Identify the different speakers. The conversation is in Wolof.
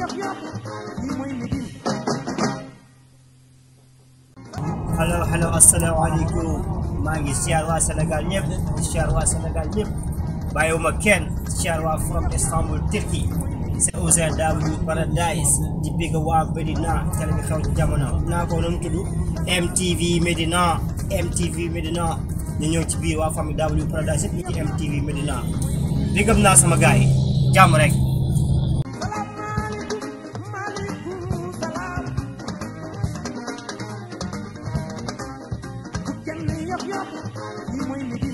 Speaker 1: allo
Speaker 2: allo asalaamaaleykum
Speaker 3: maa ngi siyaar kenn di siyaar from Istanbul Turquie c'est Ouzin Daouda di bëgg waa Medina télé bi ci jamono naa ko noonu tudd MTV MTV Medina ñu ñëw ci biir waa famille Daouda Paradise MTV Medina bëggam naa sama gars yi jàmm rek
Speaker 4: li yëpp yëpp lii mooy